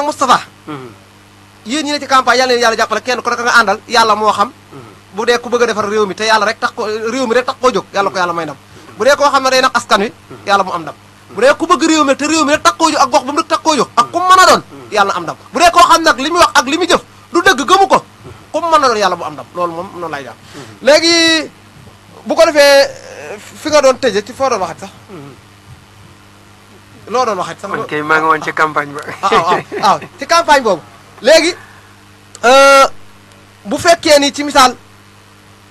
nag Moustapha hmm. yéen ñi ne ci campagne yàlla leen yàlla jàppale kenn ku nekk nga àndal yàlla moo xam hmm. bu dee ku bëgg defar réew mi te yàlla rek tax ko réew mi rek tax koo jóg yàlla ko yàlla may ndam hmm. bu dee koo xam ne day nax askan wi yàlla mu am ndam bu dee ku bëgg réew mi te réew rek tax koo jóg ak gox bu mu rek tax koo jóg ak ku mën a doon yàlla am ndam bu dee koo xam li muy wax ak li muy jëf du dëgg gëmu ko ku mën a doon yalla mu am ndam loolu moom noonu lay jàpp léegi bu ko defee fi nga doon tëje ci foo doon waxat sax loo doon waxat sama man kay maa ngi woon ci campagne ba. waaw ah, ah, ah, ci campagne boobu. léegi euh, bu fekkee ni ci misaal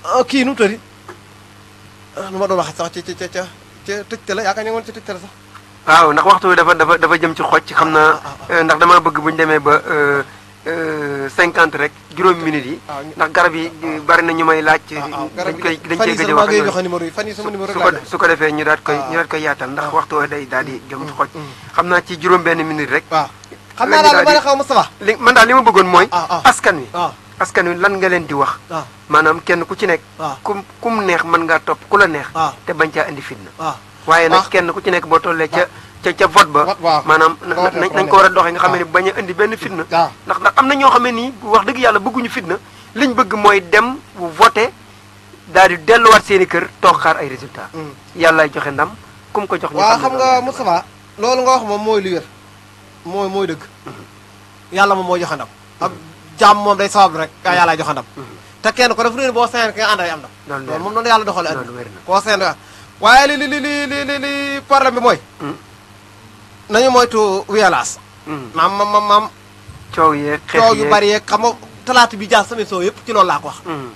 euh, kii nu mu tëddi lu euh, ma doon waxat sax ci ci ca ca tëjte la yaakaar ne woon ci tëjte la sax. waaw ndax waxtu dafa dafa dafa jëm ci xoj. xam na ndax dama bëgg bu ñu demee ba cinquante rek. juróomi minutes yi ah, ndax garab yi ah, ah. bari na ñu may laaj dañ wax su ko su ko defee ñu daat koy ñu daat koy yaatal ndax waxtu day daal di jëm xoj mm. xam naa ci juróom benn minute rek man daal li ma bëggoon mooy askan wi askan wi lan nga leen di wax maanaam kenn ku ci nekk kum kum neex man ngaa topp ku la neex te bañ caa indi fitna waaye nag kenn ku ci nekk boo tollee ca ca ca vote ba maanaam nañ ko war a doxee nga xam ne ah. bañ a indi benn fitna ah. ndax ndax am na ñoo xam ne nii wax dëgg yàlla bëgguñu fitna liñ bëgg mooy dem voté daal di delluwaat seeni kër toog xaar ay résultat hmm. yàllaay joxe ndam kum ko jox ñu waaw xam nga Moustapha loolu nga wax moom mooy lu wér mooy mooy dëgg hmm. yàlla moom mooy joxe ndam ak jàmm moom day sabab rek a yàllaay joxe ndam hmm. te kenn ko def réer boo seen ki nga ànd ay am ndam moom noonu yàlla doxale ad koo seen waaye li li li li bi mooy nañu moytu wiyalaas. Hmm. maam maam maam. coow yeeg xeex yeeg coow yu bari yeeg xam nga talaata bi jaar sama soo yëpp ci loolu laa ko wax. Hmm.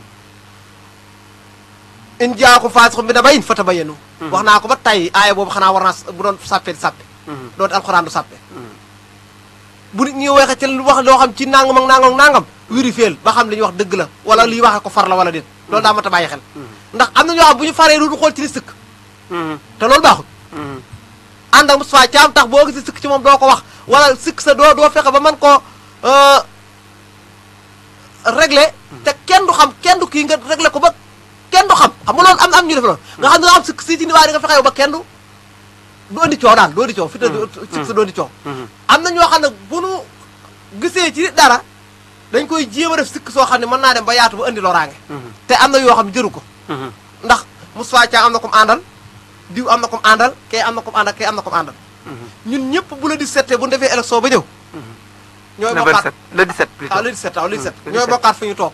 in jaaku faasixun bi nabain fatabayyanu. Hmm. wax naa ko ba tey aaya boobu xanaa war naa bu doon sàppee di sàppe. doon alxuraan du sàppe. bu nit ñi waxee ci lu wax loo xam ci nangam ak nangam ak nangam wérifeel ba ñuy wax dëgg la wala liy waxee ko far la wala déet loolu daa mat a bàyyi xel. ndax am na ñoo xam bu ñu faree du xool ci li sëkk. te loolu baaxul. ànd ak Moustapha Thiam tax boo gisee sikk ci moom doo ko wax wala sikk sa doo doo fexe ba man koo euh, régler te kenn du xam kenn du kii nga régler ko ba kenn du xam xam nga loolu am am ñu def loolu nga xam ne nga am sikk si ci niwaay di nga fexe ba kenn du du andi coow daal doo di coow fi te mm-hmm. sikk sa mm-hmm. di mm-hmm. am na ñoo xam ne bu nu gisee ci dara dañ koy jéem a def sikk soo xam ne mën naa dem ba yaatu ba andi loraange te am na yoo xam jëru ko ndax Moustapha Thiam am na comme àndal diw am na ko mu àndal kay am na ko mu àndal am na ko mu mhm. ñun ñëpp bu la 17 bu ñu defee élection ba ñëw. Mhm. ñooy bokkaat le 17 plutôt waaw ah, le 17 waaw ah, le 17 mhm, ñooy bokkaat fu ñu toog.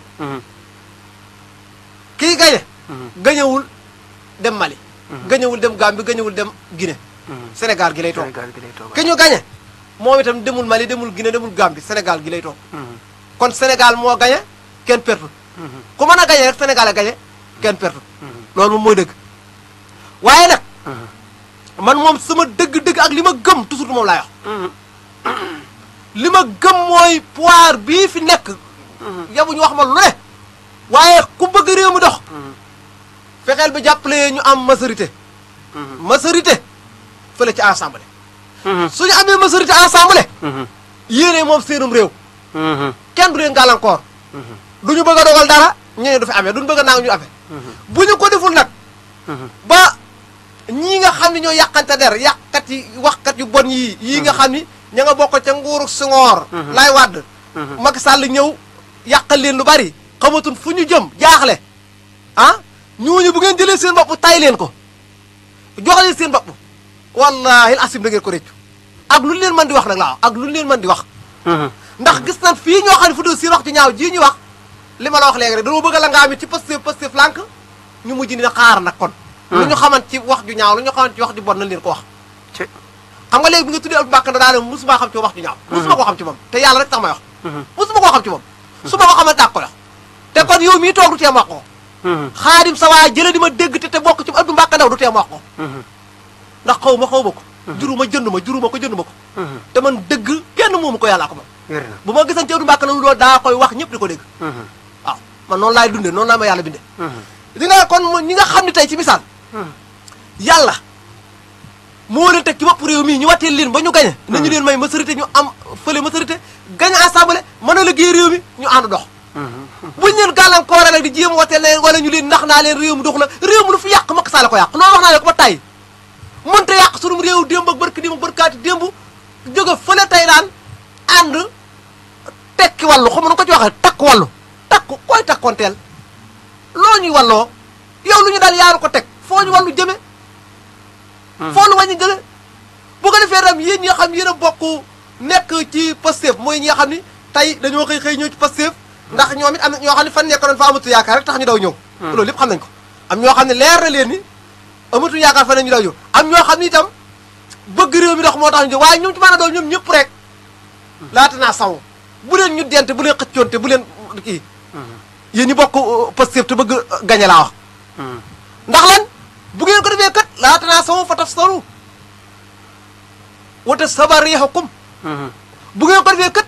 kii gañe. gañewul dem Mali. gañewul dem Gambie gañewul dem Guinée. Sénégal gi lay toog Sénégal gi lay toog ki ñu gañe. moom itam demul Mali demul Guinée demul Gambie Sénégal gi lay toog. kon Sénégal moo gañe kenn pertu. ku mën a gañe rek Sénégal a gañe kenn pertu. loolu moom mooy dëgg. waaye nag. Uh-huh. man moom sama dëgg-dëgg ak li ma gëm toujours moom laay wax. Uh-huh. li ma gëm mooy pouvoir bii fi nekk. Uh-huh. yabu ñu wax ma lu waaye ku bëgg réew mi dox. fexeel ba jàppale ñu am majorité. majorité fële ci assemblée. su ñu amee majorité assemblée. yéene moom seenum réew. kenn du leen gàllankoor. du ñu bëgg a dogal dara ñeneen du fi amee du ñu bëgg a naaw ñu amee. bu ñu ko deful nag. ba. ñii nga xam ne ñoo yàqante der yàqkat yi waxkat yu bon yii yii nga xam ni ña nga bokk ca nguuru Senghor laay wàdd Macky Sall ñëw yàqal leen lu bari xamatun fu ñu jëm jaaxle ah ñooñu bu ngeen jëlee seen bopp tay leen ko jox leen seen bopp wallaahi asim da ngeen ko réccu ak lu leen mën di wax nag laa ak lu leen mën di wax ndax gis nan fii ñoo xam ne fu dul seen wax ci ñaaw ji ñu wax li ma la wax léegi rek dañoo bëgg la ngaa mi ci Pastef Pastef lànk ñu mujj ni na xaar nag kon lu ñu xamant ci wax ju ñaaw lu ñu xamant ci wax ju bon nañ leen ko wax xam nga léegi bi nga tuddee Aboubacar na daal musuma xam ci wax ju ñaaw mhm. musuma koo xam ci moom te yàlla rek tax may wax mhm. musuma koo xam mhm. su ma ko xamal dàq ko la te kon yow mii toog du teem wax ko xaadim sa waa di ma dégg te te bokk ci Aboubacar ndaw du teem wax ko ndax xaw ma xaw ma ko juruma jënd ma juruma ko jënd ma ko te man dëgg kenn moomu ko yàllaa ko bu ma gisante Aboubacar na loolu daa koy wax ñëpp di ko dégg waaw ah, man noonu laay dundee noonu laa ma yàlla bindee li nga kon ñi nga xam ne tey ci misaal yàlla moo leen teg ci bopp réew mii ñu wàttee leen ba ñu gañe hmm. nañu leen may majorité ñu am fële majorité gañe assemblée mën a liggéey réew mi ñu ànd dox hmm. buñu leen gàllankoore nag di jéem watee leen wala ñu leen nax naa leen réew mi dox na réew mi lu fi yàq Macky Sall ko yàq noonu wax naa leen ko ba tey mënta yàq sunum réew démb ak barki démb barkaati démb jóge fële tey daan ànd tekki wàllu xam nga ko ci waxee takk wàllu takk koy takkonteel yow ñu daal yaaru ko teg foo ñu wàllu jëme ah. foo lu wàññi jëme bu ko defee ram yéen ñi nga xam yéen a nekk ci Pastef mooy ñi nga xam ni tey dañoo xëy xëy ñëw ci Pastef ndax ñoom it am na ñoo xam ne fan nekkoon fa amatu yaakaar rek tax ñu daw ñëw ah. loolu lépp xam nañ ko ñoo xam ne leer leen ni amatu yaakaar fan ñu daw ñëw am ñoo xam ne itam bëgg réew mi dox moo tax ñu jóg waaye ñoom ci maanaam doon ñoom ñëpp rek laata naa saw bu leen ñu dente bu leen xëccoonte bu leen kii ah. yéen ñi bokk euh, Pastef te bëgg euh, gañe laa wax ndax lan bu ngeen ko defee kat laa tanaasaw fa tafsalu wa tasaba riihukum uh-huh. bu ngeen ko defee kat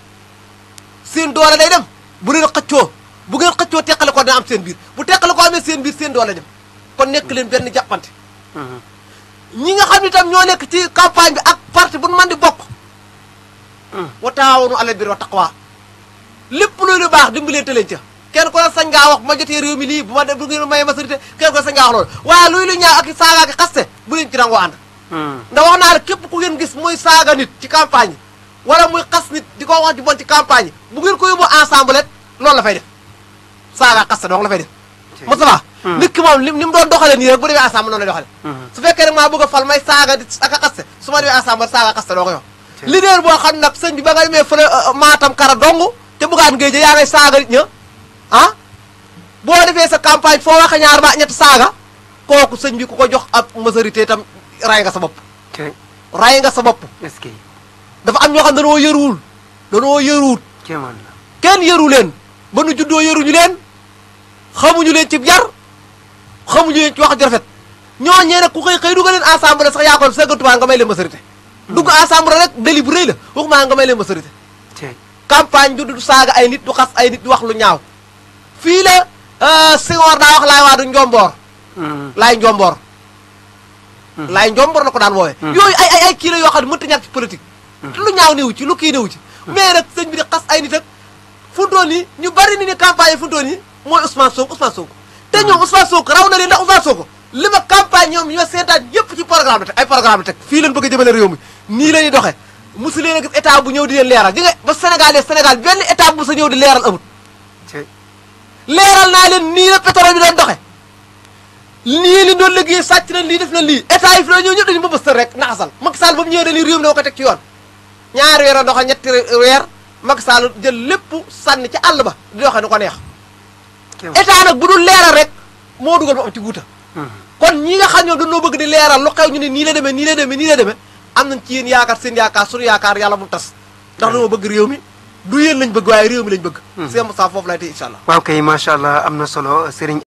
seen doole day dem bu leen xëccoo bu ngeen xëccoo teqale ko dana am seen biir bu teqale ko amee seen biir seen doole dem ko nekk leen benn jàppante uh-huh. ñi nga xam ne itam ñoo nekk ci campagne bi ak parti bu nu mën di bokk uh-huh. wa taawanu alal birri wa taqwa lépp loolu baax dimbalee tëleen ca kenn ku ne sañ ngaa wax bu ma jotee réew mi lii bu ma bu ngeen ma majorité kenn ku ne sañ ngaa wax loolu luy lu ñaaw ak saaga ak xaste bu leen ci nangoo ànd hmm. ndax naa képp ku ngeen gis muy saaga nit ci campagne wala muy xas di ko wax ci ci campagne bu ngeen ko yóbbu ensemble et loolu la fay def saaga xaste donc la fay def Moustapha hmm. nit ki moom ni mu doon doxalee nii rek bu demee ensemble noonu lay doxale hmm. su fekkee rek maa bëgg a fal may saaga ak a su ma demee ensemble saaga xaste doo ko yox leader boo xam nag sëñ bi ba nga demee fële euh, maatam kara dong te bëggaan ngay jë yaa ngay ah boo defee sa campagne foo wax ñaar ba ñett saaga kooku sëñ bi ku ko jox ab majorité itam ray sa bopp. ray nga sa bopp. est-ce que dafa am ñoo xam ne danoo yëruwul danoo yëruwut. kenn yëru leen ba nu juddoo yëruñu leen xamuñu leen ci yar xamuñu leen ci wax ju rafet ñooñee nag ku xëy xëy dugga leen assemblée sax yaa ko sëggatumaa nga may leen majorité. Hmm. dugg assemblée rek délit bu rëy la waxumaa nga may leen majorité. campagne bi du saaga ay nit du xas ay nit wax lu ñaaw. fii la euh, Senghor daa wax laay waadu njomboor hmm. laay njomboor hmm. laay njomboor la ko daan woowee hmm. yooyu ay ay ay kii yoo xam ne mënta ñàkk ci politique lu ñaaw néew ci lu kii néew ci mais nag sëñ bi di xas ay nit ak funtoon yi ñu bari ni ne campagne yi funtoon yi mooy Ousmane Sonko Ousmane Sonko te ñoom Ousmane raw na li ma campagne ñoom ñoo yëpp ci programme ay programme la teg fii leen bëgg a jëmale réew mi nii la ñuy gis état bu ñëw di leen leeral di nga ba Sénégal Sénégal benn état bu sa ñëw di leeral amut leeral naa leen nii la pétrole bi doon doxe nii li doon liggéey sàcc na lii def na lii état yi fi la ñëw ba bëstal rek naxasal Macky Sall ba mu ñëwee dañuy réew mi da ko teg ci yoon ñaari weer a doxe weer Macky Sall jël lépp sànni ci àll ba di doxe nu ko neex état nag bu dul leeral rek moo dugal mu am ci guuta hmm. kon ñi nga xam ñoom dañoo bëgg di leeral lu xew ñu ne nii demee nii la demee nii la demee am nañ ci yéen yaakaar sen yaakaar suñu yaakaar yàlla mu tas ndax dañoo bëgg réew mi du yéen lañ bëgg waaye réew mi lañ bëgg. Hmm. Cheikh Moustapha foofu laay tey incha allah. waaw kay am na solo sëriñ